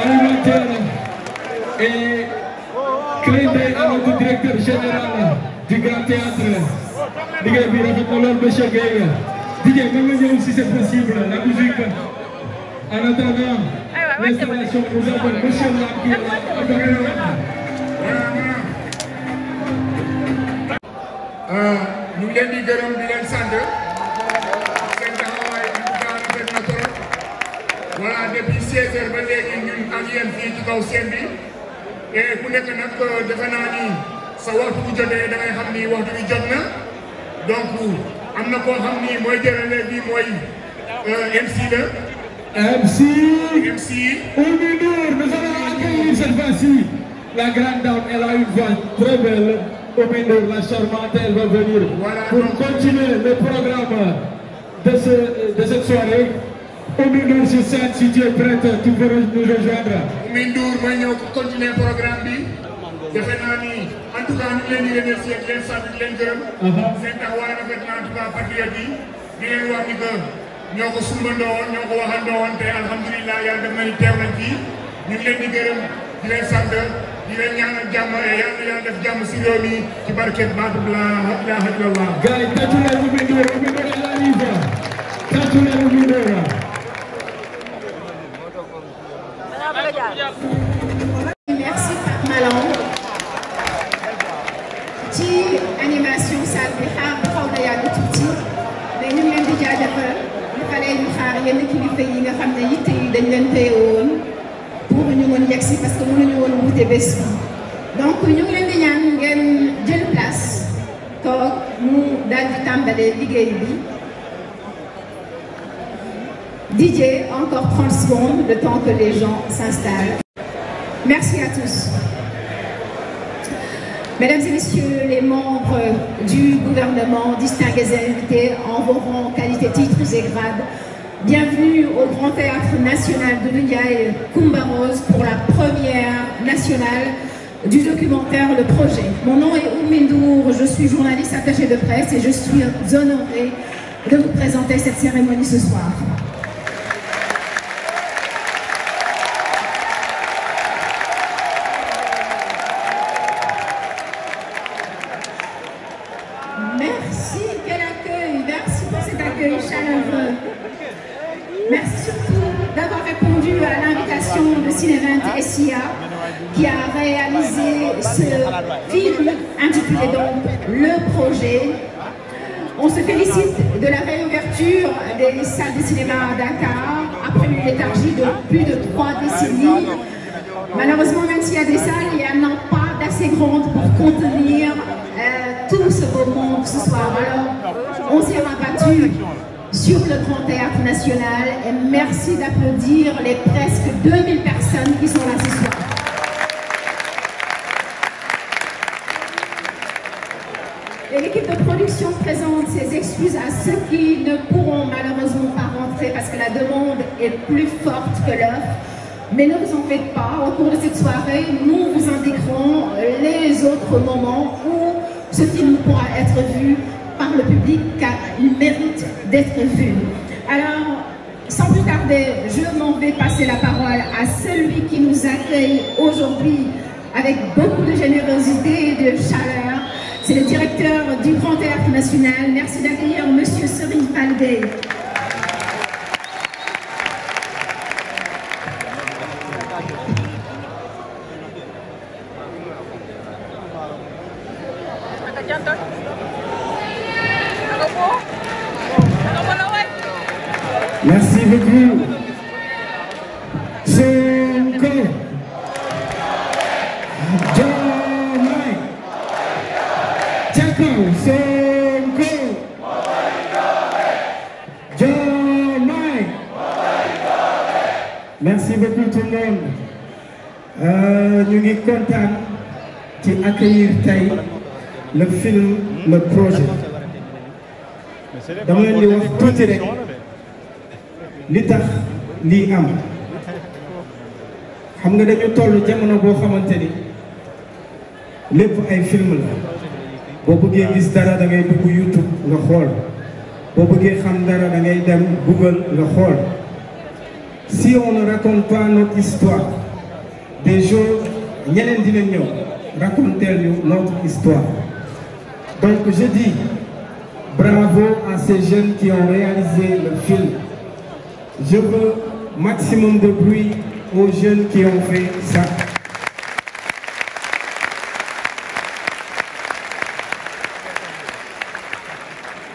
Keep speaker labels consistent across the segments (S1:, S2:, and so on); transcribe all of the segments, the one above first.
S1: animateur et eh, clin d'œil à notre directeur général du Grand Théâtre liggéey bi rafet na lool monsieur Guèye DJ mën nga ñëw si c'est possible la musique en attendant l'installation nous avons monsieur Lam
S2: qui est là ñu ngi leen di gërëm di leen
S1: sant seen taxawaay bi bu baax rafet na trop voilà depuis 16 heures ba léegi ak yéen fii ci kaw seen bi et ku nekk nag euh, defe naa ni sa waxtu bu jotee da ngay xam ni waxtu bi jot na donc am na koo xam ni mooy jërële bi mooy euh, MC la. MC. MC. Oumy Ndour nous allons accueillir
S3: cette fois-ci la grande dame elle a une voix très belle Oumy Ndour la charmante elle va venir. voilà pour continuer le programme de ce de cette
S1: soirée. Oumy si scène si tu es prête tu peux nous rejoindre. Oumy Ndour mooy ñëw continuer programme bi defe naa ni en tout cas ñu ngi leen di remercier di leen sant di leen gërëm. Uh-huh. seen taxawaay rafet na en tout cas patriote yi di leen wax ni que ñoo ko sumbandoo woon ñoo ko waxandoo woon te alhamdulilah yàlla def nañu teew nañ fii ñu ngi leen di gërëm di leen sant di leen ñaanal jàmm yàlla na yàlla def jàmm si réew mi ci barket baatu bi la la la. gars yi tàccu leen Oumy Ndour Oumy Ndour elle arrive tàccu leen Oumy Ndour.
S4: ci animation salle bi xaar ba xaw na yàgg tuuti mais ñu ngi di jaajëfal dafa lay ñu xaar yenn kilifa yi nga xam ne yitte yi dañ leen téye woon pour ñu mën yegg si parce que mënuñu woon wute bés bi donc ñu ngi di ñaan ngeen jël place toog mu daal tàmbalee liggéey bi. DJ, encore 30 secondes, le temps Mesdames et messieurs les membres du gouvernement, distingués invités en vos rangs, qualité, titres et grades, bienvenue au Grand Théâtre National de Ndiaye Kumbarose pour la première nationale du documentaire Le Projet. Mon nom est Oumindour, je suis journaliste attachée de presse et je suis honorée de vous présenter cette cérémonie ce soir. fait, il y a il n'y pas d'assez grandes pour contenir euh, tout ce beau monde ce soir. Alors, on s'est rabattu sur le Théâtre National et merci d'applaudir les avec beaucoup de générosité de chaleur. C'est le directeur du Grand Théâtre National. Merci d'accueillir M. Serine Palbey.
S1: xamante euh, ñu ngi kontaan ci accueillir tey le film le projet
S5: dama leen wax tuuti rek
S1: li tax lii am xam nga dañu toll jamono boo xamante ni lépp ay film la boo bëggee gis dara da ngay YouTube nga xool boo bëggee xam dara da ngay dem Google nga xool si on ne raconte pas notre histoire des jours ñeneen raconter notre histoire donc je dis bravo à ces jeunes qui ont réalisé le film je veux maximum de bruit aux jeunes qui ont fait ça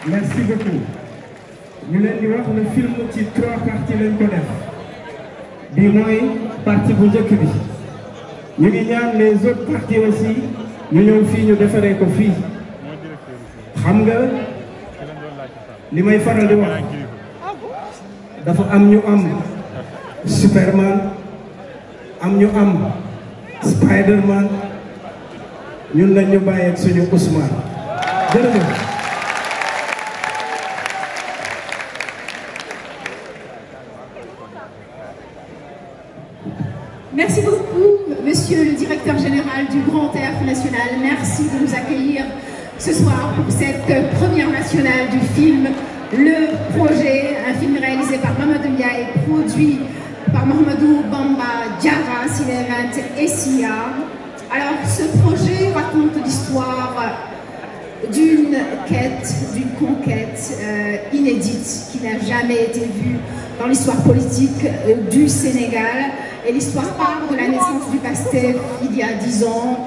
S1: merci beaucoup ñu leen di wax le film ci trois parties lañ bi mooy parti bu njëkk bi ñu ngi ñaan les autres partis aussi ñu ñëw fii ñu defaree ko fii xam nga li may faral di wax dafa am ñu am superman am ñu am spiderman ñun lañ ñu suñu Ousmane
S4: jërëjëf cette première nationale du film Le Projet, un film réalisé par Mamadou Ndiaye, produit par Mohamedou Bamba Diarra, Silérante et ce projet raconte l'histoire d'une quête, d'une conquête euh, inédite qui n'a jamais été vue dans l'histoire politique euh, du Sénégal. Et l'histoire parle de la naissance du PASTEF il y a dix ans,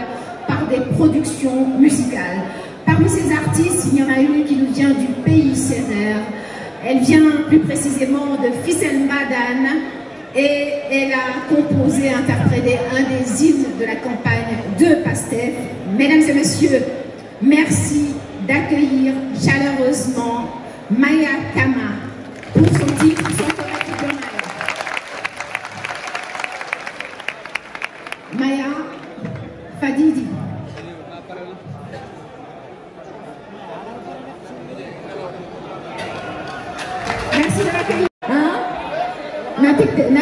S4: production musicale. Parmi ces artistes, il y en a une qui nous vient du pays sérère. Elle vient plus précisément de Fissel et elle a composé interprété un des hymnes de la campagne de Pastef. Mesdames et messieurs, merci d'accueillir chaleureusement Maya Kama pour son titre, son collectif de Maya. Maya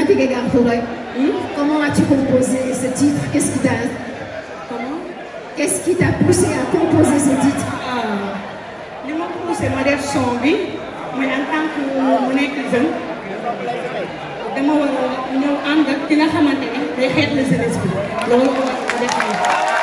S4: fatigué Garfou Ngoye. Hmm? comment as-tu composé ce titre qu'est-ce qui t'a comment. qu'est-ce qui t'a poussé à composer ce titre. waaw euh, li ma poussé ma def son bi mooy en tant que mu nekk jeune
S6: dama war a ñëw ànd ak ki nga xamante ne day xeet la jeunesse bi loolu moo tax ma def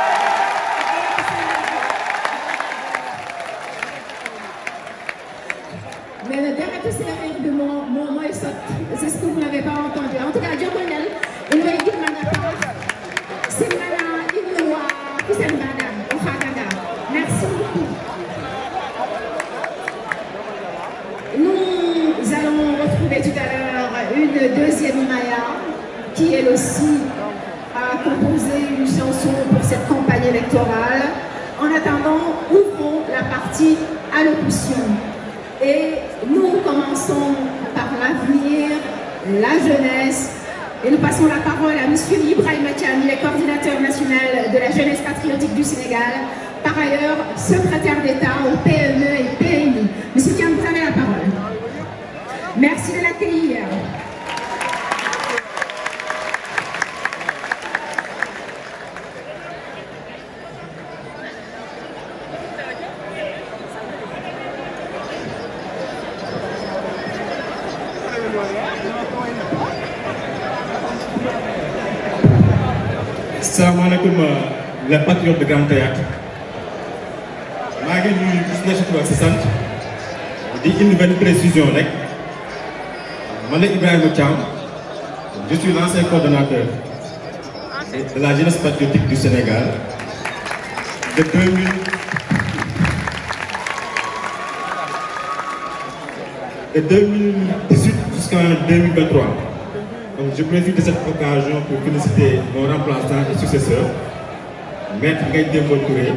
S5: salaamaaleykum euh, les patriotes de Grand Théâtre maa ngi nuyu gis na surtout ak sa sant di indi benn précision rek man la Ibrahima Thiam je suis l'ancien coordonnateur de la jeunesse patriotique du Sénégal de 2000
S1: de 2018 jusqu'en Donc je profite de cette occasion pour féliciter mon remplaçant et successeur, Maître Gaël Touré,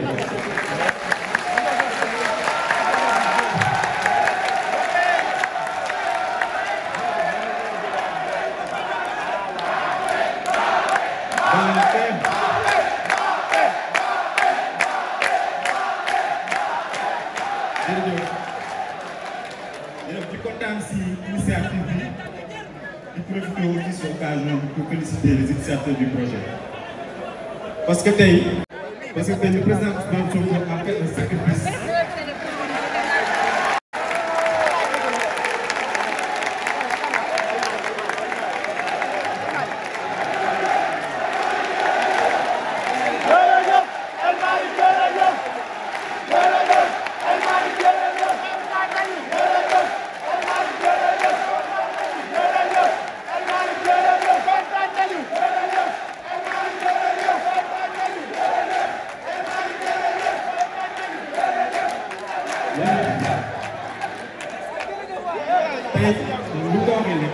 S1: tey bu ko waxee nag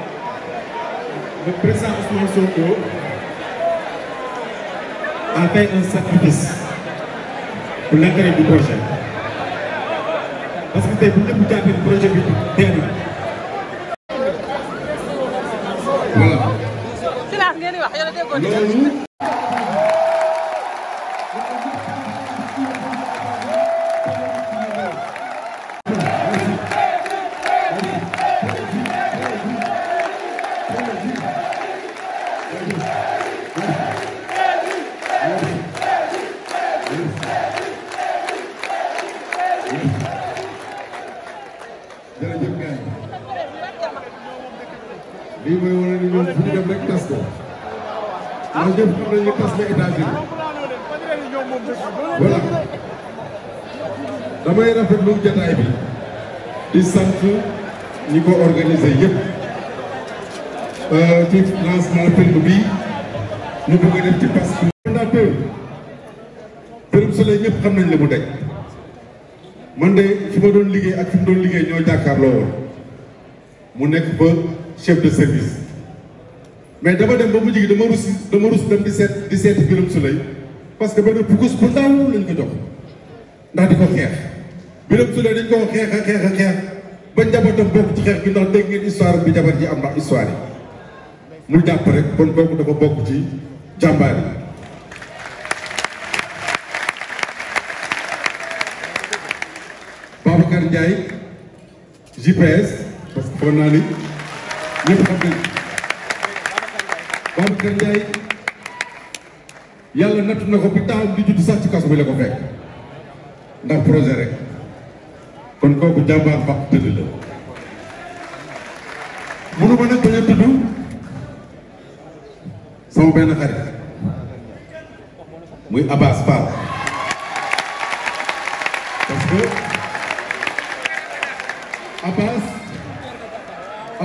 S1: le président Ousmane Sonko a fait un sacrifice pour l'intérêt du projet parce que tey bu ñëpp jàppee projet bi teel na.
S6: voilà. loolu
S7: di sant ñi ko organisé yëpp euh, ci lancement film bi ñu bëgg a ci parce que fondateur Birame ñëpp xam nañ la mu daj man de ma doon liggéey ak fi mu doon jàkkaarloo mu nekk ba chef de service mais dama dem ba mujj gi dama rus dama rus dem di seet di seeti Birame Souleye parce que benn pukus bu ndaw lañ ko jox ndax di ko xeex Birame Souleye dañ ko xeex a xeex a xeex ba njabootam bokk ci xeex bi ndax dégg ngeen histoire bi jabar ji am ndax histoire mu jàpp rek kon boobu dafa bokk ci jàmbaar yi Babacar Ndiaye GPS parce que naa ni ñëpp xam na ko bi taawam di judd sax ci kaso la ko fekk ndax projet rek kooku jàmbaar mbaq tëdd la mënu ma nag bañ a sama benn xarit muy Abbas Fall parce que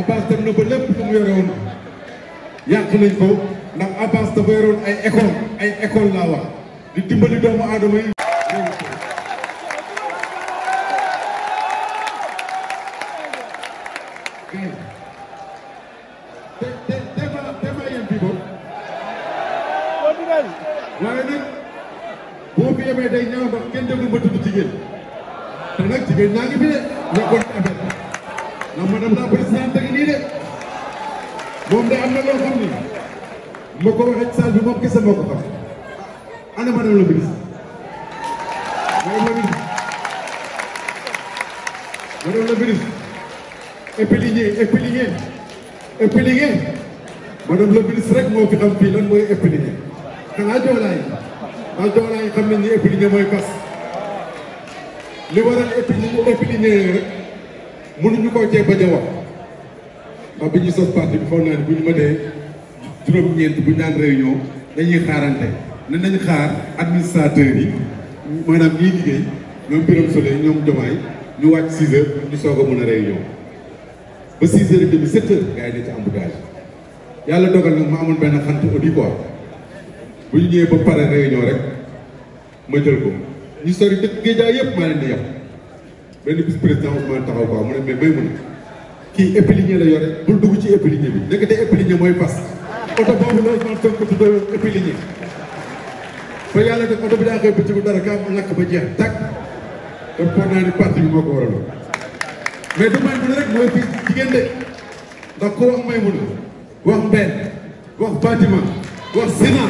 S7: Abbas na ba lépp mu yore yàq nañ ko ndax Abbas dafa yore ay école ay école laa wax
S4: di dimbali doomu aadama
S7: yi xam fii lan mooy épiliñe xanaa joolaa yi xam nañ ni épiliñe mooy fas li waral épiliñe épiliñe rek mënuñu koo cee bañ a bi ñu sos parti bi bu ñu ma dee juróom-ñeent bu ñu naan ñoom Birame Souleye ñoom Diomaye ñu wàcc 6 heures ñu soog a mën a réunion ba 6 heures et demi 7 heures gars yi ne ci embouteillage yàlla dogal nag ma amoon benn xant audi quoi bu ma jël ko ñu a dëkk yëpp maa leen di yàpp benn mais la yore dugg ci épiligne bi bi daa koy bëccëgu dara ka am lakk ba jeex tàkk te foog naa ni parti bi moo ko waraloon mais du may mun rek mooy fii jigéen de ndax ko may mun wax Mbène wax Fatima wax Sina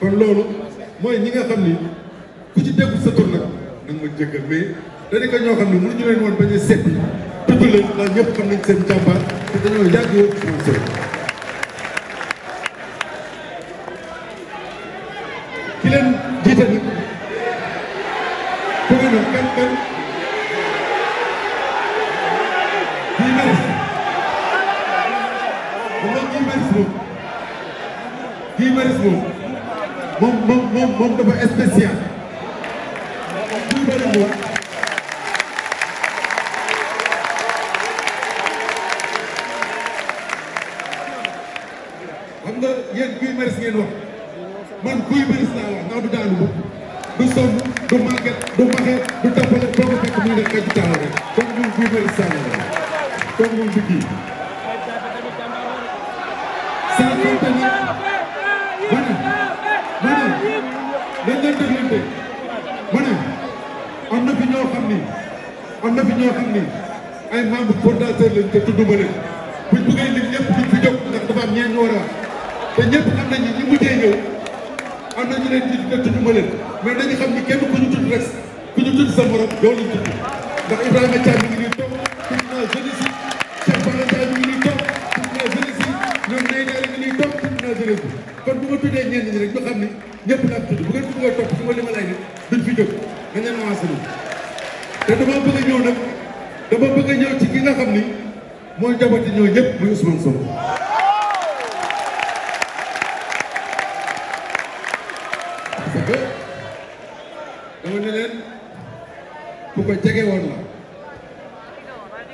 S7: kon loolu mooy ñi nga xam ni ku ci déggu sa tur nag ma jéggal mais dañu ko ñoo xam ne mënuñu leen woon bañ a seppi tudd leen ndax ñëpp xam nañ seen jàmbaar te dañoo yàgg yow sponsor ki leen jiite nag bëgg na Guy Marius moom moom moom moom moom dafa spécial Guy Marius moom xam nga yéen Guy Marius ngeen wax man Guy Marius laa wax naa du daanu bu du sonn du màgget du baxe du tappale boo ko fekk muy def nga ci taxaw rek kon ñun Guy Marius saa la kon moom du kii sans compagnie ñoo xam ni am na fi ñoo xam ni ay membres fondateurs lañ te tudduma leen buñ buggee lim ñëpp duñ fi jóg ndax dafa am ñeent ñu war a wax te ñëpp am nañu ñi mujjee ñëw am nañu leen di te tudduma leen mais dañu xam ni kenn ku ñu tudd rek ku ñu tudd sa morom yow lañ tudd ndax Ibrahima Thiam mi ngi nii toog tudd naa jeunesse yi Cheikh Bala Thiam mi ngi nii toog tudd naa jeunesse yi ñoom Ndeye Ndiaye mi ngi nii toog tudd naa jeunesse bi kon bu ma tuddee ñenn ñi rek ñu xam ni ñëpp laa tudd bu ngeen bëggee topp su ma limalee rek duñ fi jóg dañu leen avancé te dama bëgg ñëw nag dama bëgg a ñëw ci ki xam ni mooy jabati ñoo ñëpp muy Ousmane Sonko. que dama ne leen ku ko jege woon la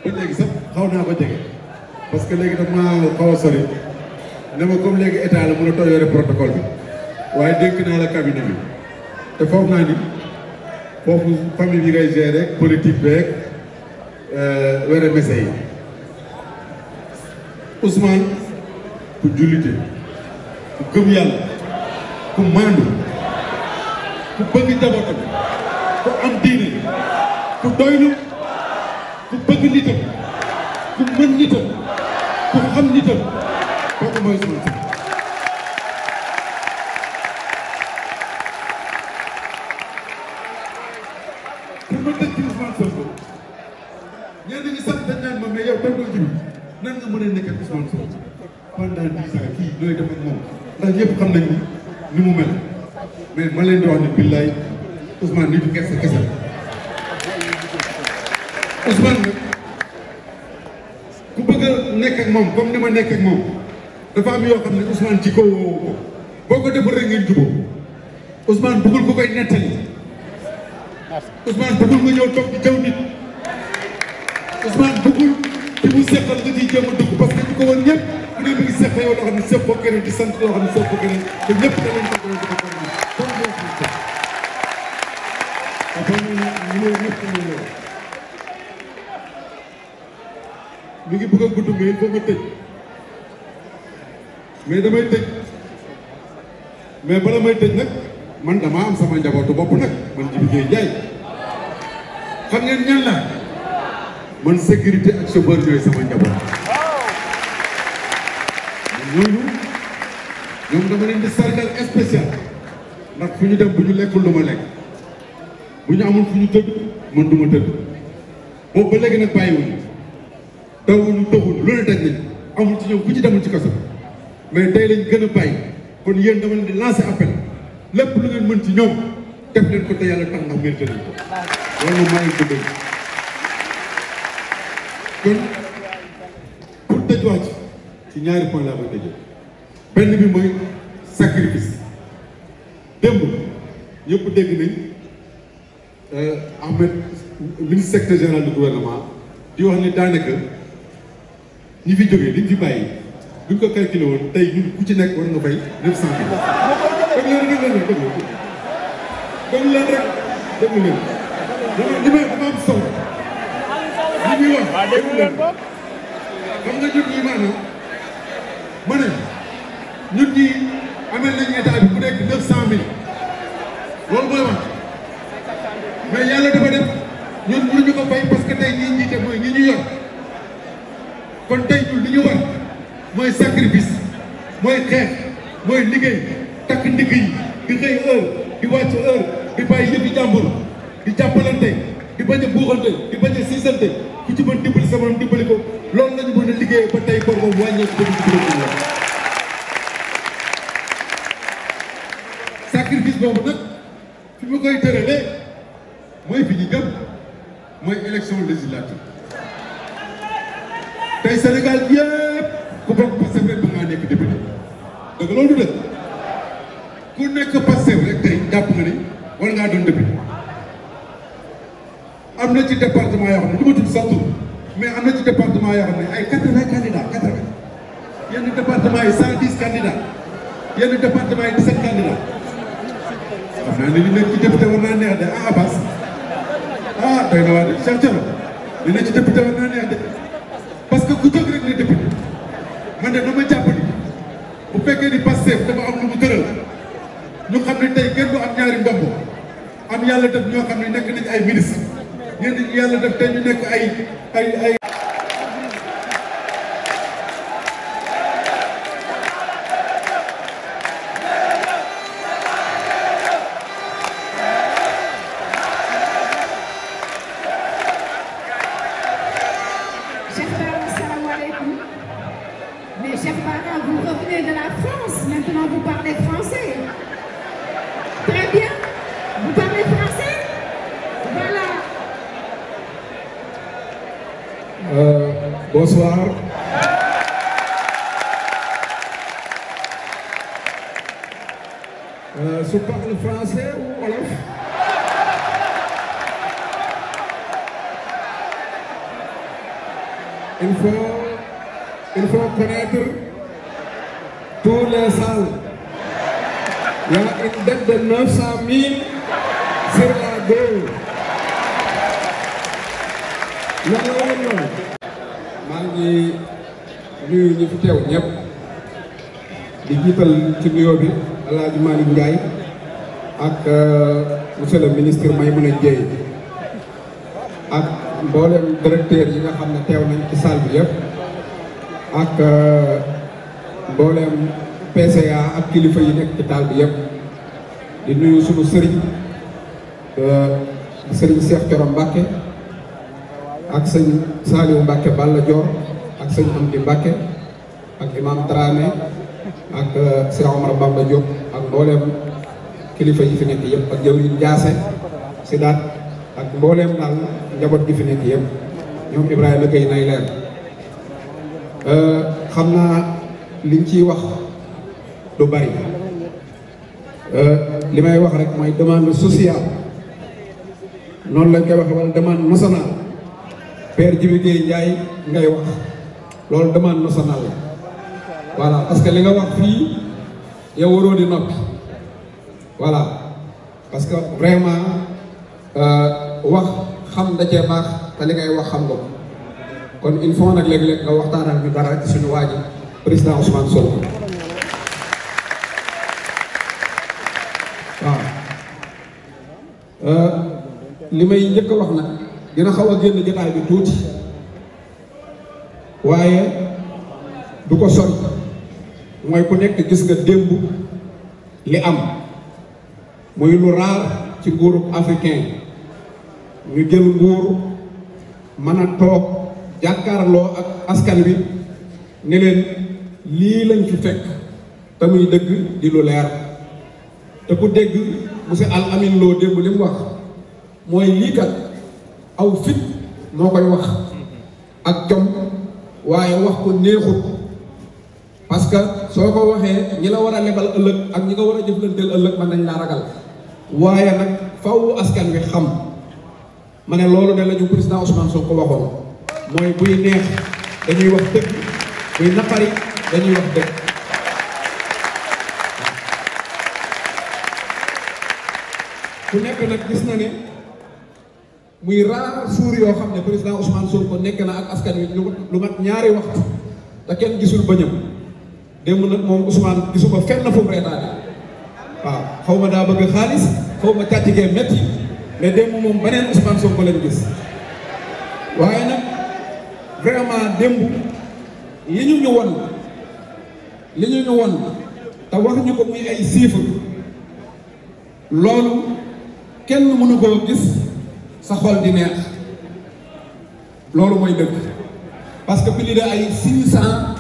S7: ba léegi sax xaw naa ko jege parce léegi dama xaw a sori ne ma comme léegi état la mën a tooy yore protocole bi waaye dénk naa la cabinet te foog naa ni. foofu famille yi ngay gérer rek politique beeg euh, wéré messe yi Ousmane ku jullite ku gëm ku maandu ku bëgg njabootam ku am diine ku doylu ku bëgg nitam ku mën nitam ku xam nitam ba dëkk ci Ousmane Sonko ñenn ñi sax dañ xam nañ ni mu mel mais ma leen di wax ne billaay Ousmane kese kese Ousmane ku bëgg a nekk ak moom comme ni ma nekk ak moom dafa am yoo xam ne Ousmane ci kaw boo ko defal rek ngeen jubóo Ousmane bëggul ku koy nettali. Ousmane bëggul nga ñëw toog di jëw nit Ousmane bëggul te mu seqal nga ciy jéem a dugg parce que ñu ko woon ñëpp ku ne mi ngi seq yow loo xam ne seq ko keneen di sant loo xam ne seq ko keneen te ñëpp da leen ko doon dugg mi ngi bëgg a gudd mais il faut ma tëj mais damay tëj mais bala may tëj nag. man dama am sama njabootu bopp nag man Djibi Gueye Ndiaye xam ngeen ñan la man sécurité ak chauffeur ñooy sama njaboot ñooñu ñoom dama leen di sargal spécial ndax fu ñu dem bu ñu lekkul lu ma lekk bu ñu amul fu ñu tëdd man du ma tëdd boobu ba léegi nag bàyyiwuñu dawuñu doxuñu loolu daj nañ amul ci ñoom bu ci demul ci kaso mais tey lañ gën a kon yéen dama leen di lancer appel lépp lu ngeen mën ci ñoom def leen ko te yàlla tax ndax ngeen jëriñ ko loolu maa ngi ko kon pour tëj wax ci ñaari point laa koy tëjee benn bi mooy sacrifice démb ñëpp dégg nañ euh, Ahmed ministre secrétaire général du gouvernement di wax ni daanaka ñi fi jógee liñ fi bàyyi duñ ko calculé woon tey ñun ku ci nekk war nga fay neuf cent dañu leen déglu leen déglu déglu leen rek déglu leen déglu li may dafa am solo li muy wax déglu leen xam nga ñun ñii maanaam ma ne ñun ñii amel nañu état bi ku nekk neuf cent mille loolu mooy wax mais yàlla dafa def ñun mënuñu ko fay parce que tey ñi ñi jiite mooy ñi ñu yor kon tey ñun li ñu war mooy sacrifice mooy xeex mooy liggéey takk ndigg yi di xëy heure di wàcc heure di bàyyi yëfi jàmbur di jàppalante di bañ a buuxante di bañ a siisante ku ci mën dimbali sama dimbali ko loolu lañu mën a liggéey ba tey bor boobu wàññeeku ba ñu sacrifice boobu nag fi ma koy tëralee mooy fi ñu jëm mooy élection législative tey Sénégal yëpp ku bokk Pastef ba nga nekk député dëgg loolu dëgg ku nekk Pastef rek tey jàpp nga ni war ngaa doon député am na ci département yoo xam ne du ma tudd sax tur mais am na ci département yoo xam ne ay quatre-vingts candidats quatre-vingts yenn département yi cent li nekk ci député war naa neex de ah Abbas ah, ah doy na ci député war neex parce que ku jóg rek ne député man de lu mu tëral ñu xam ne tey kenn du am ñaari ndomb am yàlla def ñoo xam ne nekk nañ ay ministre ñenn ñi yàlla def tey ñu ay ay ay
S8: Coro Mbacke ak sëñ Saliou Mbacke Balla Dior ak sëñ Amdi Mbacke ak imam Trané ak Sëriñ euh, Omar Bamba Diop ak mbooleem kilifa yi fi nekk yëpp ak jawriñ Njaase Sidaat ak mbooleem daal njaboot gi fi nekk yëpp ñoom Ibrahima Gueye nay leer euh, xam naa liñ ciy wax du bari euh, li may wax rek mooy demande sociale noonu lañ koy waxee wala demande nationale père Djibi Gueye ngay wax loolu demande nationale la voilà parce que li nga wax fii yow waroo di noppi voilà parce que vraiment euh, wax xam da cee baax te li ngay wax xam nga ko kon il faut nag léeg-léeg nga waxtaan ak ñu dara ci suñu waa ji président Ousmane Sonko waaw. Euh, li may njëkk wax nag dina xaw a génn jotaay bi tuuti waaye du ko sori mooy ku nekk gis nga démb li am muy lu raar ci nguurub africain ñu jël nguur mën a toog jàkkaarloo ak askan wi ne leen lii lañ fi fekk te muy dëgg di lu leer te ku dégg monsieur Al Amin Lo démb li mu wax mooy lii aw fit moo koy wax ak jom waaye wax ko neexut parce que soo ko waxee ñi la war a lebal ëllëg ak ñi nga war a jëflanteel ëllëg mën nañ laa ragal waaye nag faw askan wi xam ma ne loolu de la ñu président Ousmane Sonko waxoon mooy buy neex dañuy wax dëgg buy naqari dañuy wax dëgg ku nekk nag gis na ne muy raar suur yoo xam ne président Ousmane Sonko nekk na ak askan wi lu mat ñaari waxtu te kenn gisul bëñam démb nag moom Ousmane gisuma fenn fu mu reetaane waaw xaw ma daa bëgg xaalis xaw ma càcc gee métti mais démb moom beneen Ousmane Sonko lañ gis waaye nag vraiment démb li ñu ñu won li ñu ñu won te wax ñu ko muy ay chiffres loolu kenn mënu ko gis sa xol di neex loolu mooy dëgg parce que plus de ay six cent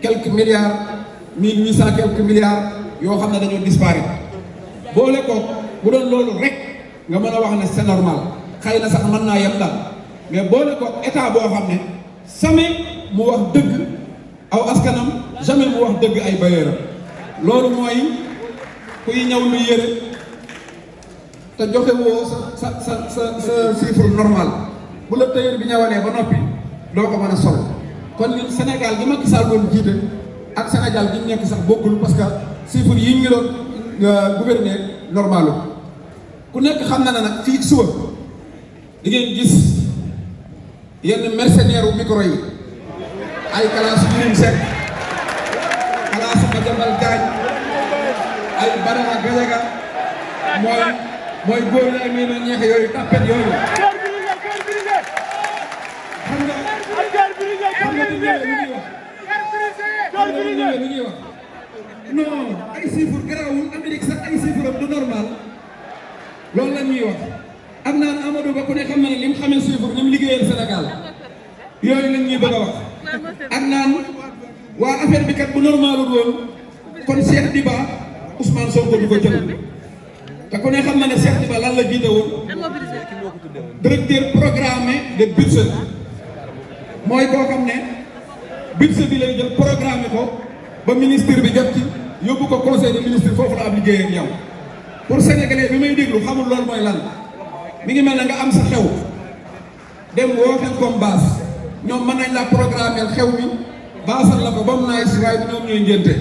S8: quelques milliards mille huit cent quelques milliards yoo xam ne dañoo disparaître boole ko bu doon loolu rek nga mën a wax ne c'est normal xëy na sax mën naa yem daal mais boole ko état boo xam ne jamais mu wax dëgg aw askanam jamais mu wax dëgg ay bailleurs loolu mooy kuy ñëw lu yëre te joxe woo sa sa sa sa chiffre normal bu la tailleur bi ñawalee ba noppi doo ko mën a sol kon ñun Sénégal gi Macky Sall doon jiite ak Sénégal gi nekk sax bokkul parce que chiffre yi ñu doon euh, gouverner normalu ku nekk xam na ne nag fii suba di ngeen gis yenn mercenaire u micro yi ay classe Birame Seck classe Madiambal Diagne
S1: ay Barama Gajaga
S8: mooy mooy góor yaay may ma ñeex yooyu tapet yooyu.
S1: cœur brisé cœur brisé.
S8: ay chiffres garaawul Amérique sax ay chiffres am du loolu la wax am naan Amadou Ba ku ne xam na ne li mu xamee chiffres ni mu liggéeyal Sénégal yooyu lañ ñuy bëgg a wax ak naan waa affaire bi kat bu normalul woon kon Cheikh Diba Ousmane Sonko du ko jël. te ku ne xam na ne Cheikh Diba lan la jiite woon directeur programmé de budget mooy koo xam ne budget bi lay jël programmé ko ba ministre bi jot ci yóbbu ko conseil de ministre foofu la am liggéey ak yow pour sénégalais bi may déglu xamul loolu mooy lan mi ngi mel na nga am sa xew dem woote comme base ñoom mën nañ la programmer xew bi baasal la ko ba mu naay si waaye bi ngénte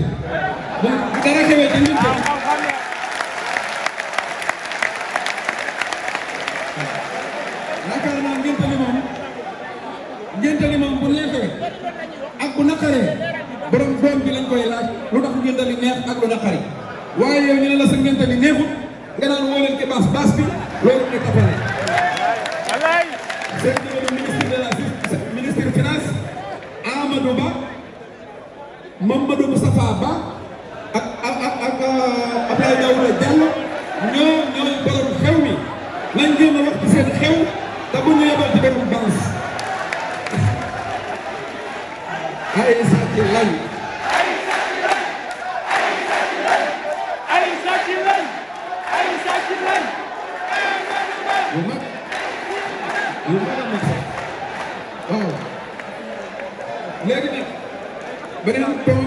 S1: bu xewee te ngénte
S8: naqari borom doom bi lañ koy laaj lu tax ngénte li neex ak lu naqari waaye yow ñu ne la sa ngénte li neexut nga naan woo leen ci baas baas bi loolu mooy tapale. seen numéro ministre de la ministre finance Amadou Ba Mamadou Moustapha Ba ak ak ak ak euh, Abdoulaye Daouda Diallo ñoo ñooy borom xew mi nañ gën a wax ci seen xew te bu ñu yebal ci benn balance.
S7: ay sàcc lañ ay sàcc
S1: lañ ay sàcc lañ ay sàcc lañ ay
S9: sàcc lañ yu mag yu mag a mag sax waaw
S8: léegi nag beneen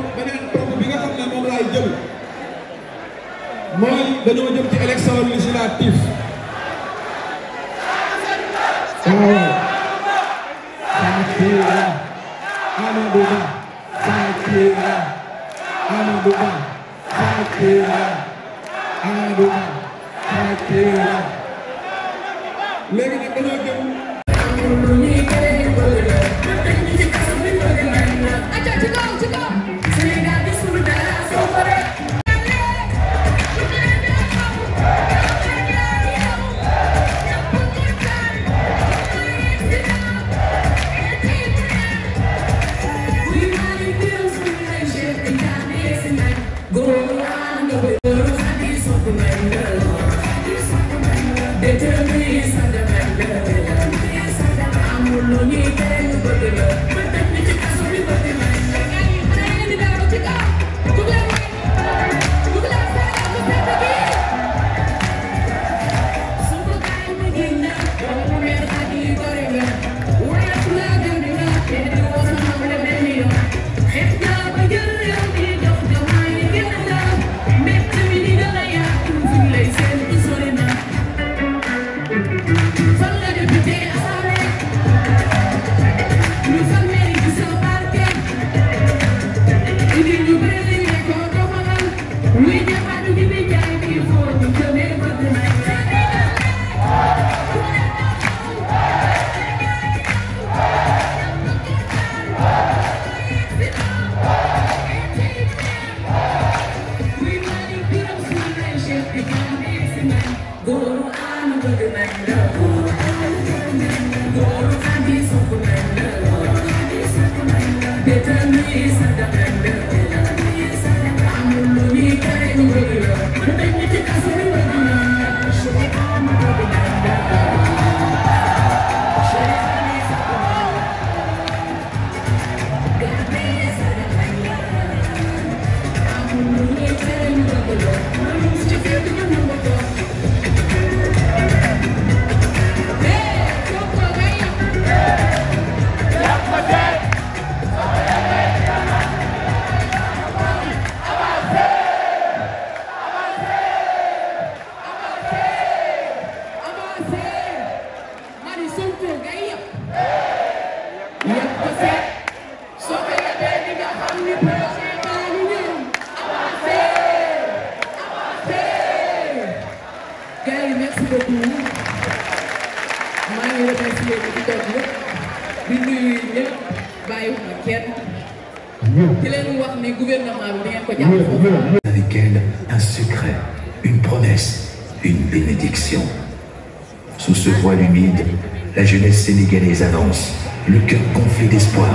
S9: La jeunesse sénégalaise avance, le cœur gonflé d'espoir,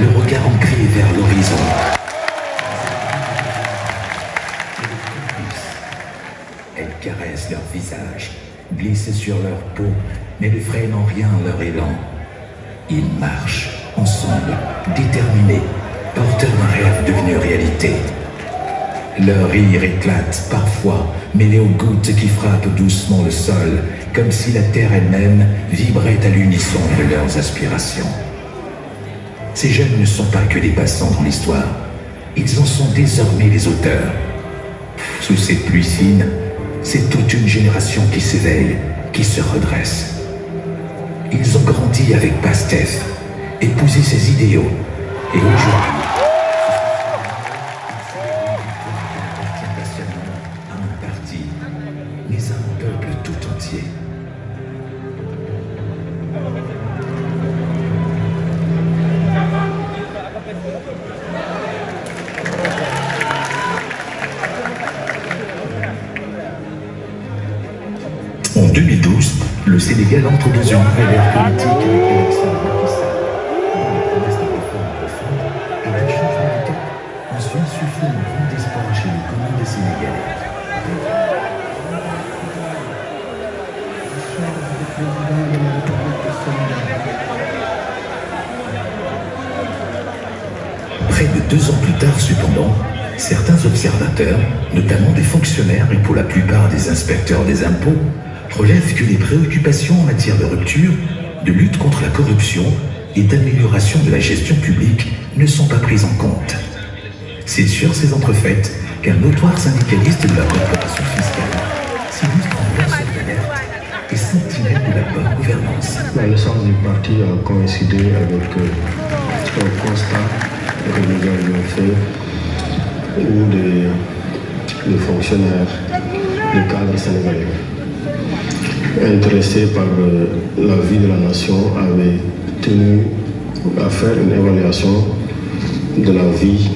S9: le regard ancré vers l'horizon. Elles caressent leur visage, glissent sur leur peau, mais ne freinent en leur élan. Ils marchent ensemble, déterminés, porteurs d'un rêve devenu réalité. Leur rire éclate parfois, mêlé aux gouttes qui frappent doucement le sol, comme si la terre elle-même vibrait à l'unisson de leurs aspirations. Ces jeunes ne sont pas que des passants dans l'histoire, ils en sont désormais les auteurs. Sous ces pluies fines, c'est toute une génération qui s'éveille, qui se redresse. Ils ont grandi avec Pastef, épousé ses idéaux, et aujourd'hui, fonctionnaires et pour la plupart des inspecteurs des impôts relèvent que les préoccupations en matière de rupture, de lutte contre la corruption et d'amélioration de la gestion publique ne sont pas prises en compte. C'est sur ces entrefaites qu'un notoire syndicaliste de la corporation fiscale s'illustre en lanceur d'alerte et sentinelle de la bonne gouvernance.
S10: La leçon du parti a coïncidé avec euh, le constat que nous avons fait où des de fonctionnaires, de cadres sénégalais, intéressés par euh, la vie de la nation, avaient tenu à faire une évaluation de la vie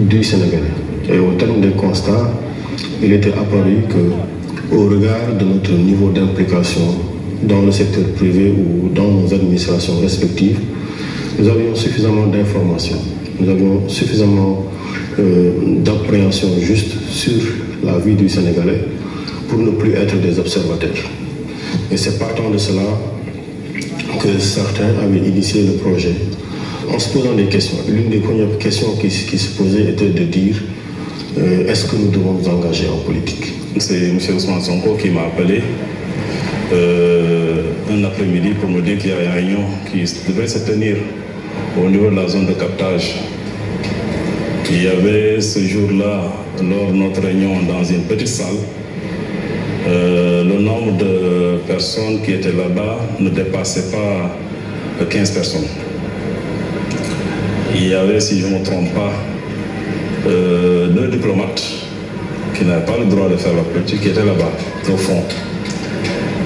S10: du Sénégalais. Et au terme des constats, il était apparu que, au regard de notre niveau d'implication dans le secteur privé ou dans nos administrations respectives, nous avions suffisamment d'informations, nous avions suffisamment Euh, d'appréhension juste sur la vie du Sénégalais pour ne plus être des observateurs. Et c'est partant de cela que certains avaient initié le projet en se posant des questions. L'une des premières questions qui, qui, se posait était de dire euh,
S5: est-ce que nous devons engager en politique C'est M. Ousmane Sonko qui m'a appelé euh, un après-midi pour me dire qu'il y a une réunion qui devait se tenir au niveau de la zone de captage Il y avait ce jour-là, lors de notre réunion dans une petite salle, euh, le nombre de personnes qui étaient là ne dépassait pas 15 personnes. Il y avait, si je ne euh, deux diplomates qui n'avaient pas le droit de faire leur politique, qui étaient là-bas,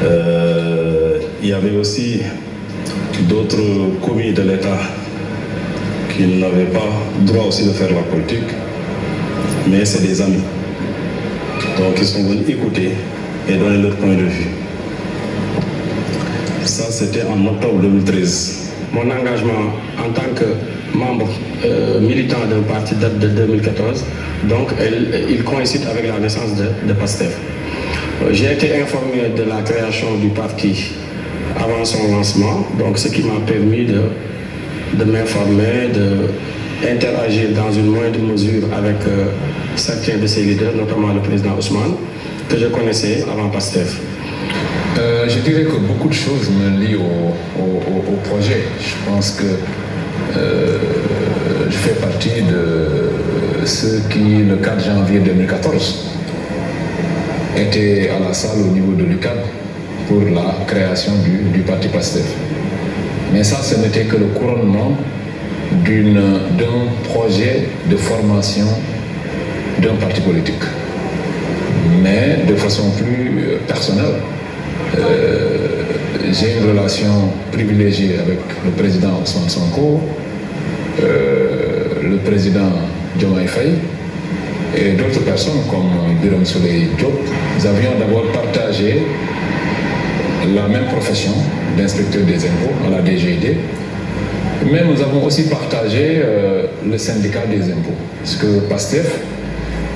S5: euh, il y avait aussi d'autres commis de l'État qu'ils n'avaient pas droit aussi de faire la politique, mais c'est des amis. Donc ils sont venus écouter et donner leur point de vue. Ça, c'était en octobre 2013. Mon engagement en
S3: tant que membre euh, militant d'un parti date de 2014, donc elle, il coïncide avec la naissance de, de PASTEF. Euh, j'ai été informé de la création du parti avant son lancement, donc ce qui m'a permis de de m'informer, de interagir dans une de mesure avec euh, certains de ses leaders, notamment le président Ousmane, que je connaissais avant PASTEF. Euh,
S2: je dirais que beaucoup de choses me lient au, projet. Je pense que euh, je fais partie de ceux qui, le 4 janvier 2014, étaient à la salle au niveau de l'UCAD pour la création du, parti PASTEF. Mais ça, ce n'était que le couronnement d'un projet de formation d'un parti politique. Mais de façon plus euh, personnelle, euh, j'ai une relation privilégiée avec le président Ousmane Sanko, euh, le président Diomaye Faye et d'autres personnes comme Biram Soleil Diop. Nous avions d'abord partagé la même profession, d'inspecteurs des impôts à la DGID. Mais nous avons aussi partagé euh, le syndicat des impôts. Parce que PASTEF,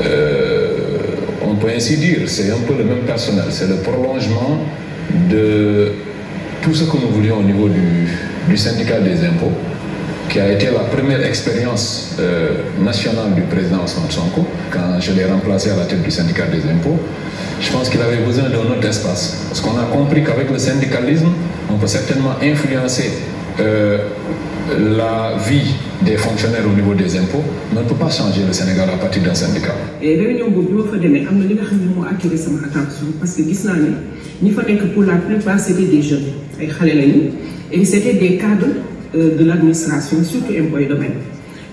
S2: euh, on peut ainsi dire, c'est un peu le même personnel. C'est le prolongement de tout ce que nous voulions au niveau du, du syndicat des impôts, qui a été la première expérience euh, nationale du président Ousmane Sonko, quand je l'ai remplacé à la tête du syndicat des impôts. je pense qu'il avait besoin d'un autre espace. Parce qu'on a compris qu'avec le syndicalisme, on peut certainement influencer euh, la vie des fonctionnaires au niveau des impôts, mais on peut pas changer le Sénégal à partir d'un syndicat.
S6: réunion boobu bi ma fa demee am li nga xam ne moo attiré sama attention parce que gis naa ne ñi fa nekk pour la plupart c'était des jeunes ay xale lañu et c'était des euh, de l'administration surtout impôts et domaines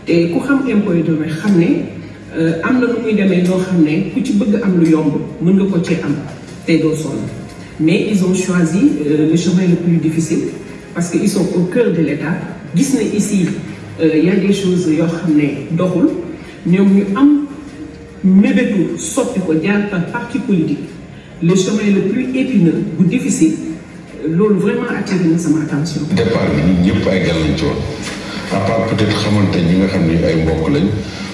S6: te ku xam impôts Euh, am na lu muy demee loo xam ne ku ci bëgg am lu yomb mën nga ko ci am tey doo sonn mais ils ont choisi euh, le chemin le plus difficile parce que ils sont au cœur de l'état gis na ici euh, y a des choses yoo xam ne doxul ñoom ñu am mébétu sotti ko jaar par parti politique le chemin le plus épineux bu difficile loolu vraiment attiré na sama attention. départ bi ñun ñëpp ay gàllankoor
S7: à peut-être xamante ñi nga xam ni ay mbokk lañ.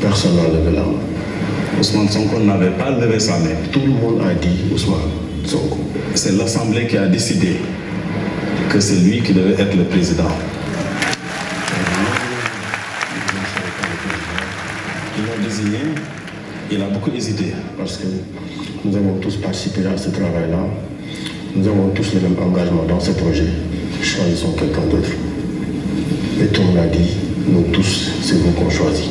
S5: Personne n'a levé la main. Ousmane Sonko n'avait pas levé sa main. Tout le monde a dit Ousmane Sonko. C'est l'Assemblée qui a décidé que c'est lui qui devait être le président. Ils l'ont désigné, il a beaucoup hésité.
S10: Parce que nous avons tous participé à ce travail-là. Nous avons tous le même engagement dans ce projet. Choisissons quelqu'un d'autre. Et on l'a dit, nous tous, c'est vous qu'on choisit.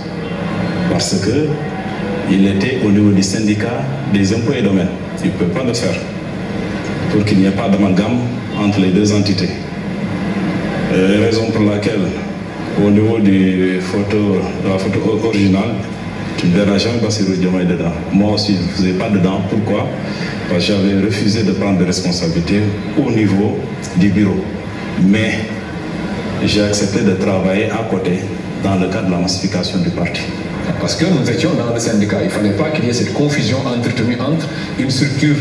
S5: parce que il était au niveau du syndicat des impôts et domaines. Il ne peut pas le faire pour qu'il n'y ait pas d'amalgame entre les deux entités. Euh, raison pour laquelle, au niveau de la photo originale, tu ne verras jamais Bassirou Diomaye dedans. Moi aussi, je ne faisais pas dedans. Pourquoi Parce j'avais refusé de prendre des au niveau du bureau. Mais j'ai accepté de travailler à côté
S2: dans le cadre de la massification du parti. Parce que nous étions dans le syndicat. Il ne fallait pas qu'il y ait cette confusion entretenue entre une structure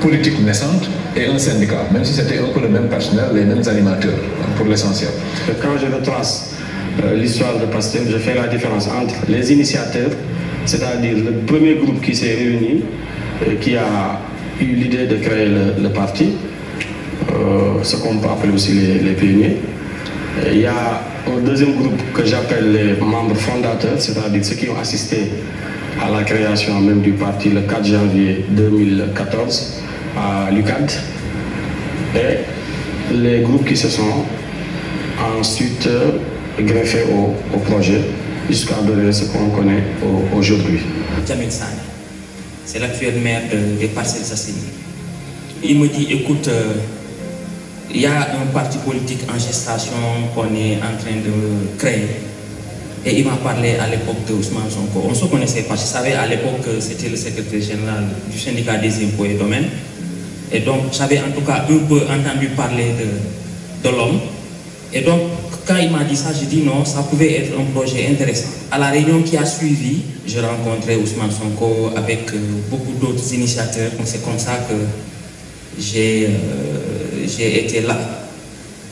S2: politique naissante et un syndicat, même si c'était un le même personnel, les mêmes animateurs, pour l'essentiel. Quand je retrace euh, l'histoire
S3: de PASTEF, je fais la différence entre les initiateurs, c'est-à-dire le premier groupe qui s'est réuni, et euh, qui a eu l'idée de créer le, le parti, euh, ce qu'on peut appeler aussi les, les Il y a Un deuxième groupe que j'appelle les membres fondateurs, c'est-à-dire ceux qui ont assisté à la création même du parti le 4 janvier 2014 à l'UCAD. Et les groupes qui se sont ensuite greffés au, projet jusqu'à donner ce qu'on connaît aujourd'hui. c'est l'actuel maire des Parcelles Assainies. Il me dit, écoute, euh,
S11: y a un parti politique en gestation qu'on en train de créer. Et il m'a parlé à l'époque de Ousmane Sonko. On se connaissait pas. Je savais à l'époque que c'était le secrétaire général du syndicat des impôts et domaines. Et donc, j'avais en tout cas un peu entendu parler de, l'homme. Et donc, quand il m'a dit ça, j'ai dit non, ça pouvait être un projet intéressant. À la réunion qui a suivi, je rencontrais Ousmane Sonko avec euh, beaucoup d'autres initiateurs. C'est j'ai été là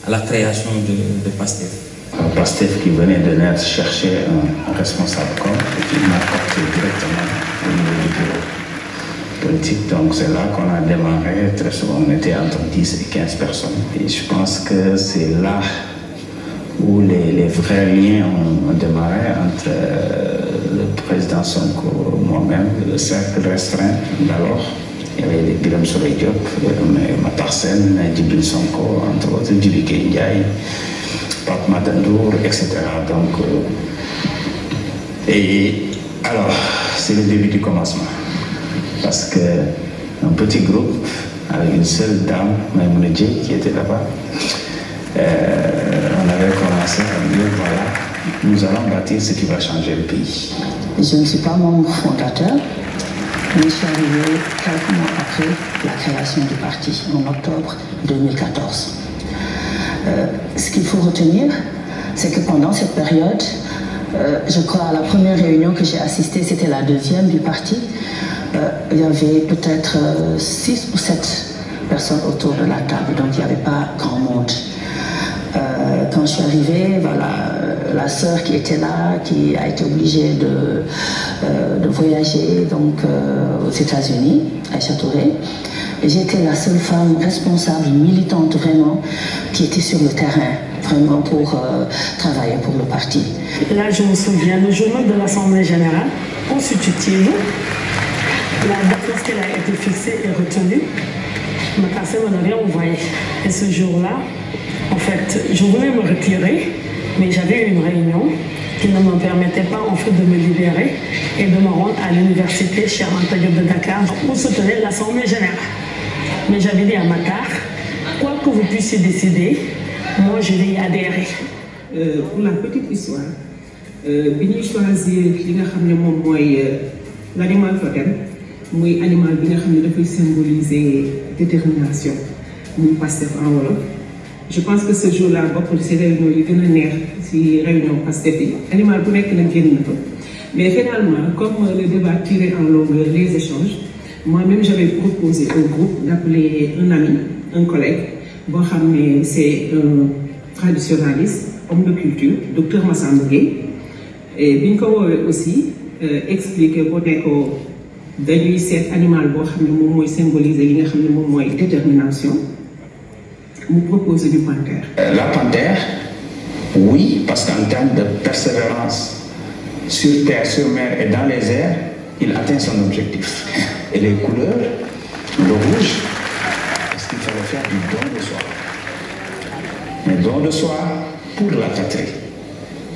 S11: à la création de, de PASTEF. PASTEF qui venait de naître chercher un responsable com qui m'a porté directement au politique. Donc c'est là qu'on a démarré. Très souvent, on entre 10 et 15 personnes. Et je pense que c'est là où les, vrais liens ont, démarré entre euh, le président Sonko, moi-même, le cercle restreint d'alors. y avait eh, des Birame Souleye eh, Diop Matar Sène Djibril Sonko entre autres Djibi Gueye Ndiaye Pape Mata Ndour et donc euh, et alors c'est le début du commencement parce que un petit groupe avec une seule dame Maïmouna Dieye qui était là euh, on avait commencé à dire nous allons bâtir ce qui va changer le pays. Je ne suis pas membre fondateur.
S4: mais sont arrivés quelques mois après la création du parti, en octobre 2014. Euh, ce qu'il faut retenir, c'est que pendant cette période, euh, je crois à la première réunion que j'ai assistée, c'était la deuxième du parti, euh, il y avait peut-être euh, six ou sept personnes autour de la table, donc il n'y avait pas grand monde. quand je suis arrivée, voilà, euh, la sœur qui était là, qui a été obligée de, euh, voyager euh, aux États-Unis, à Châteauray. J'étais la seule femme responsable, militante qui était sur le terrain, vraiment pour travailler pour le parti.
S6: Là, je me souviens, le journal de l'Assemblée générale constitutive, la date et retenue, ma personne, on avait Et ce jour-là, En fait, je voulais me retirer, mais j'avais une réunion qui ne me permettait pas en fait de me libérer et de me rendre à l'université chez Diop de Dakar où se tenait l'Assemblée générale. Mais j'avais dit à Matar, que vous puissiez décider, moi je y adhérer. Euh, pour la petite histoire, euh, bi ñuy choisir li nga xam ne moom mooy euh, l'animal muy animal bi nga xam ne dafay symboliser détermination muy Pastef en wolof. je pense que ce jour là bokkul si réunion yi gën a neex si réunion Pastef yi animal bu nekk nag génn na fa mais finalement comme euh, le débat tirait en longueur les échanges moi-même j'avais proposé au groupe d'appeler un ami un collègue boo xam ne c'est un traditionnaliste homme de culture docteur Massamba Gueye et bi ko woowee aussi euh, expliqué ko ne ko dañuy seet animal boo xam ne moom mooy symboliser li nga xam ne moom mooy détermination vous proposez du Panther
S11: euh, La Panthère, oui, parce qu'en termes de persévérance sur terre, sur mer et dans les airs, il atteint son objectif. Et les couleurs, le rouge, parce qu'il fallait faire du don de soi. Mais don de soi pour la patrie.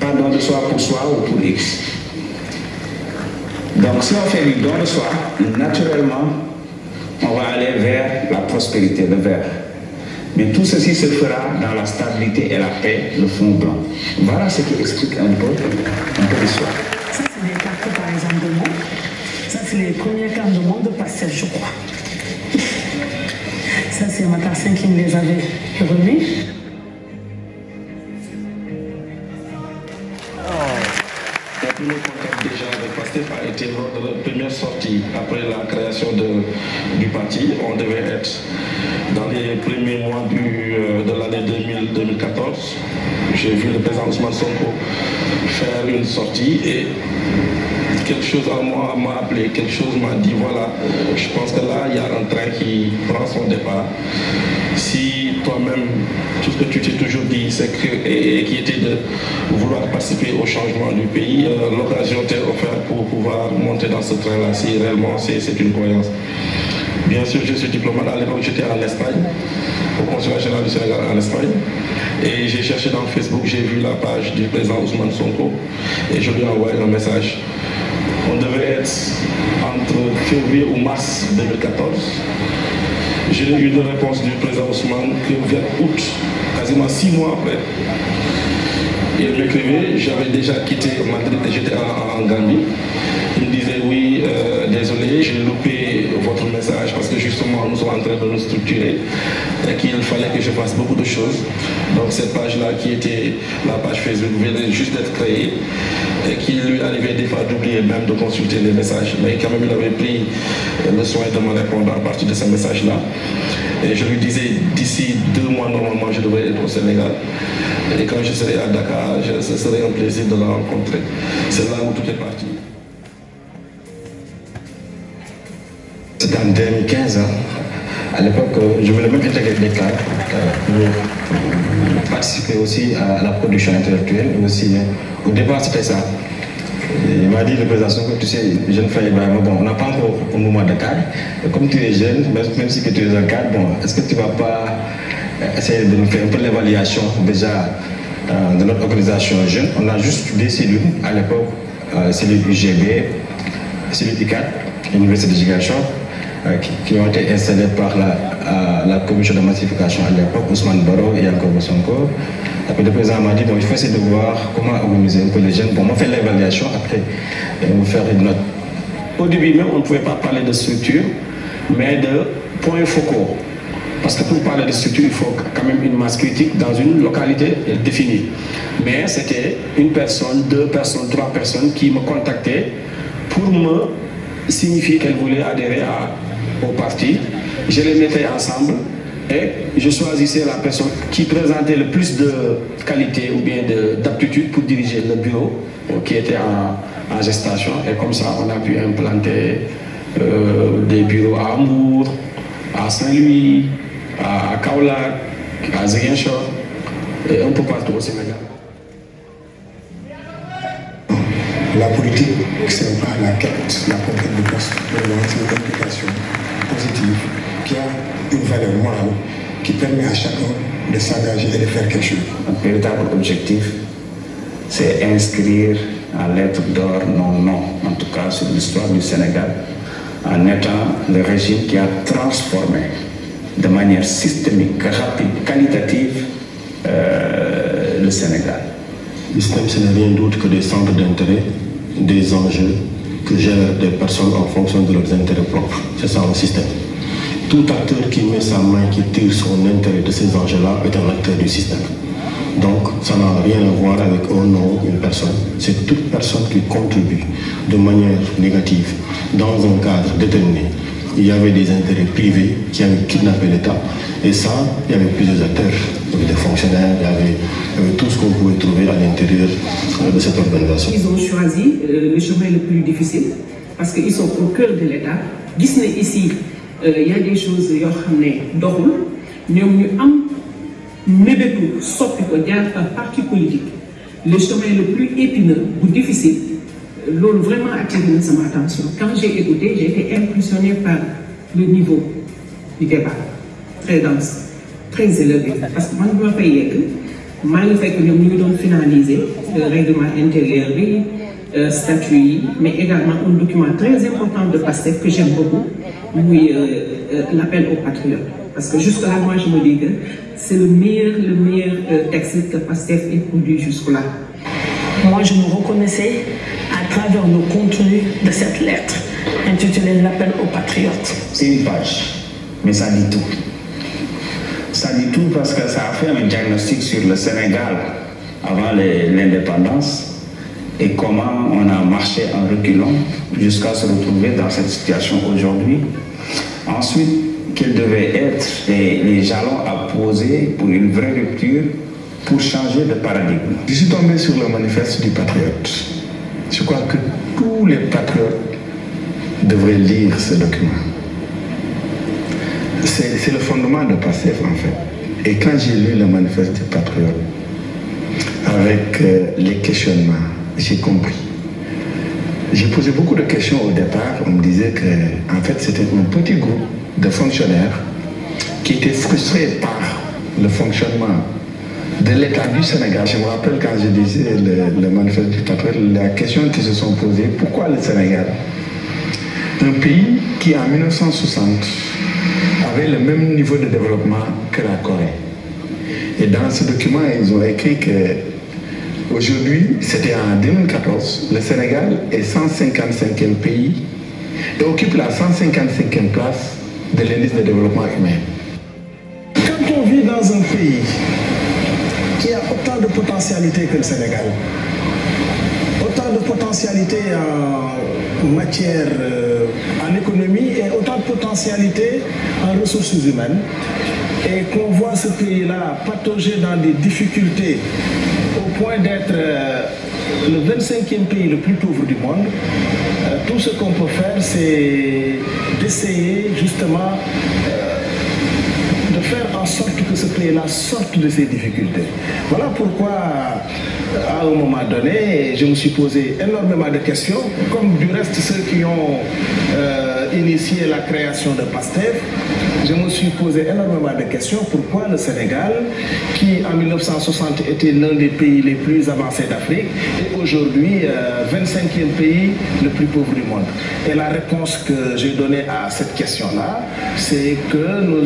S11: Pas don de soi pour soi ou pour X. Donc si on fait du don de soi, naturellement, on va aller vers la prospérité, vers Mais tout ceci se fera dans la stabilité et la paix, le fond blanc. Voilà ce qui explique un peu,
S6: un l'histoire. Ça, c'est les cartes, par exemple, de monde. Ça, c'est les premières cartes de monde de passage, je crois. Ça, c'est Matarsin les avait
S12: Pastef a été notre première sortie après la création de, du parti. On devait être dans les premiers mois du, euh, de l'année 2014. J'ai vu le président Ousmane Sonko faire une sortie et quelque chose à moi m'a appelé, quelque chose m'a dit, voilà, je pense que là, il a un train qui prend son départ. Si toujours qui était de vouloir participer au changement du pays, euh, l'occasion t'est offerte pour pouvoir monter dans ce train-là, si réellement c'est une croyance. Bien sûr, je suis diplomate. À l'époque, Et j'ai cherché dans Facebook, j'ai vu la page du président Ousmane Sonko. Et je lui ai un message. on devrait être entre février ou mars 2014. J'ai eu une réponse du président Ousmane que vers août, quasiment six mois après, il m'écrivait, j'avais déjà quitté Madrid et j'étais en, Gambie. Il me disait oui, euh, désolé, j'ai loupé votre message parce que justement nous sommes en train de nous structurer et qu'il fallait que je fasse beaucoup de choses. Donc cette page-là qui était la page Facebook venait juste d'être créée. et qu'il lui arrivait des d'oublier même de consulter les messages. Mais quand même, il avait pris le soin de me répondre à partir de ces messages-là. Et je lui disais, d'ici deux mois, normalement, je devrais être au Sénégal. Et quand je serai à Dakar, je, ce un plaisir de la rencontrer. C'est là où tout est parti.
S5: C'était en 2015. À l'époque, euh, je voulais même intégrer des cadres. pour euh, participer aussi à la production intellectuelle et aussi euh, au débat spécial. Il m'a dit le président que tu sais, jeune frère Ibrahim, bon, on n'a pas encore un moment de cadre. Et comme tu es jeune, même si tu es un cadre, bon, est-ce que tu ne vas pas essayer de nous faire un peu l'évaluation déjà euh, de notre organisation On a juste des UGB, cellule ICAT, de Gigachor, qui, qui, ont été installés par la, à, euh, la commission de massification à l'époque, Ousmane Baro et Yankovo Sonko. Après, le président m'a dit donc, il faut essayer de comment organiser un peu les l'évaluation, après, on va faire une note. on ne pouvait pas parler de
S3: structure, mais de points focaux. Parce que pour parler de structure, il faut quand même une masse critique dans une localité définie. Mais c'était une personne, deux personnes, trois pour me signifier au parti. Je les mettais ensemble et je choisissais la personne qui présentait le plus de qualité ou bien d'aptitude pour diriger le bureau qui était en, gestation. Et comme ça, on a pu implanter euh, des bureaux à Amour, à Saint-Louis, à Kaolack, à Ziguinchor et un peu partout au Sénégal.
S10: La politique, c'est pas la quête, de poste, mais c'est une positive, qui a une valeur morale, qui permet à chacun de s'engager et de faire quelque chose. Notre véritable objectif, c'est inscrire
S11: à l'être d'or nos noms, en tout cas sur l'histoire du Sénégal, en étant le régime qui a transformé de manière systémique, rapide,
S10: qualitative euh, le Sénégal. L'islam, ce n'est rien d'autre que des centres d'intérêt, des enjeux que gèrent des personnes en fonction de leurs intérêts propres. C'est un système. Tout acteur qui met sa main, qui tire son intérêt de ces enjeux est un acteur du système. Donc, ça n'a rien à voir avec un nom, une personne. C'est toute personne qui contribue de manière négative dans un cadre déterminé. Il y avait des intérêts privés qui avaient kidnappé l'État. Et ça, il y avait plusieurs acteurs avait des fonctionnaires, avait tout ce que vous pouvez trouver à l'intérieur euh, de cette organisation.
S6: Ils ont choisi euh, le chemin le plus difficile parce qu'ils sont au cœur de l'État. gis na ici il euh, y a des choses yoo xam ne doxul ñoom ñu am mébétu soppi ko jaar par parti politique le chemin le plus épineux bu difficile loolu vraiment attiré na sama attention quand j'ai écouté j'ai été impressionné par le niveau du débat très dense très élevé parce que man bi ma fay yegg maa ngi fekk ñoom ñu ngi doon finaliser euh, règlement intérieur bi euh, statut yi mais également un document très important de PASTEF que j'aime beaucoup muy euh, l'appel aux patriotes parce que jusque-là moi je me dis que c'est le meilleur le meilleur texte que PASTEF ait produit jusque-là moi je me reconnaissais à travers le contenu de cette lettre intitulée l'appel aux patriotes
S11: c'est une page mais ça dit tout ça dit tout parce que ça a fait un diagnostic sur le Sénégal avant l'indépendance et comment on a marché en reculant jusqu'à se retrouver dans cette situation aujourd'hui. Ensuite, quels devaient être les, jalons à poser
S10: pour une vraie rupture, pour changer de paradigme Je suis sur le manifeste du patriote. Je crois que tous les patriotes devraient lire ce document. c'est le fondement de PASTEF en fait. Et quand j'ai lu le manifeste patriote, avec euh, les j'ai compris. J'ai posé beaucoup de questions au départ. On me disait que, en fait, c'était un petit groupe de fonctionnaires qui étaient frustrés par le fonctionnement de l'État du Sénégal. Je me rappelle quand je disais le, manifeste du patriote, la question qui se sont posées, pourquoi le Sénégal Un pays qui, en avait le même niveau de développement que la Corée. Et dans ce document, ils ont écrit que aujourd'hui, c'était en 2014, le Sénégal est 155e pays et occupe la 155e place de l'indice de développement humain.
S13: Quand on vit dans un pays qui a autant de potentialités que le Sénégal, matière euh, en économie et autant de potentialités en ressources humaines et qu'on voit ce pays-là patauger dans des difficultés au point d'être euh, le 25e pays le plus pauvre du monde, euh, tout ce qu'on peut faire, c'est d'essayer justement euh, de faire en sorte que ce pays la sorte de ses difficultés. Voilà pourquoi, à un moment donné, je me suis posé énormément de questions, comme du reste ceux qui ont euh, initié la création de PASTEF, je me suis posé énormément de questions. Pourquoi le Sénégal, qui en 1960 était l'un des pays les plus avancés d'Afrique, est aujourd'hui euh, 25e pays le plus pauvre du monde Et la réponse que à cette question-là, c'est que nous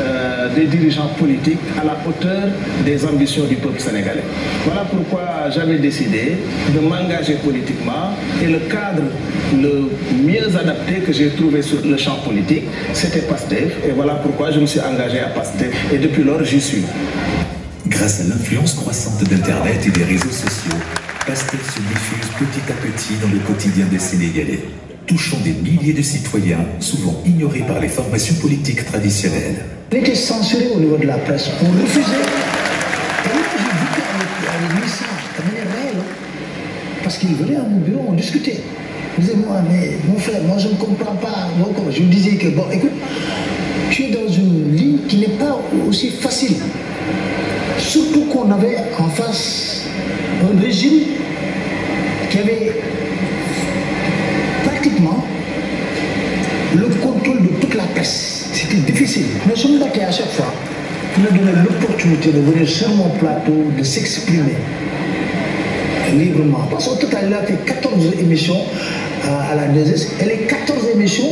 S13: euh, des dirigeants politiques à la hauteur des ambitions du peuple sénégalais. Voilà pourquoi j'avais de m'engager politiquement et le cadre le mieux adapté que j'ai politique, c'était PASTEF, et voilà pourquoi je me suis engagé à PASTEF,
S9: et depuis lors j'y suis. Grâce à l'influence croissante d'Internet et des réseaux sociaux, PASTEF se diffuse petit à petit dans le quotidien des Sénégalais, touchant des milliers de citoyens, souvent ignorés par les formations politiques traditionnelles.
S13: Il était censuré au niveau de la presse pour parce qu'il venait à mon Excusez-moi, mais mon frère, moi je ne comprends pas. Donc, je vous disais que, bon, écoute, je qui n'est pas aussi facile. Surtout qu'on avait en face un régime qui avait pratiquement le contrôle de toute la presse. C'était difficile. Nous sommes d'accord à chaque fois pour nous donner l'opportunité de venir sur plateau, de s'exprimer librement. Parce qu'au total, il a fait émissions à la 2S et les 14 émissions,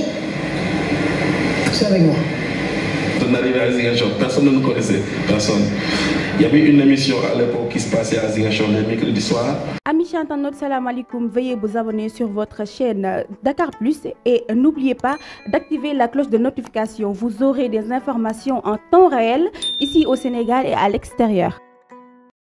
S12: personne ne nous connaissait, personne. Il y avait une émission à l'époque qui se passait à Zingachor le mercredi soir.
S4: Amis chantants, salam veuillez vous abonner sur votre chaîne Dakar Plus et n'oubliez pas d'activer la cloche de notification. Vous aurez des informations en temps réel ici au Sénégal et à l'extérieur.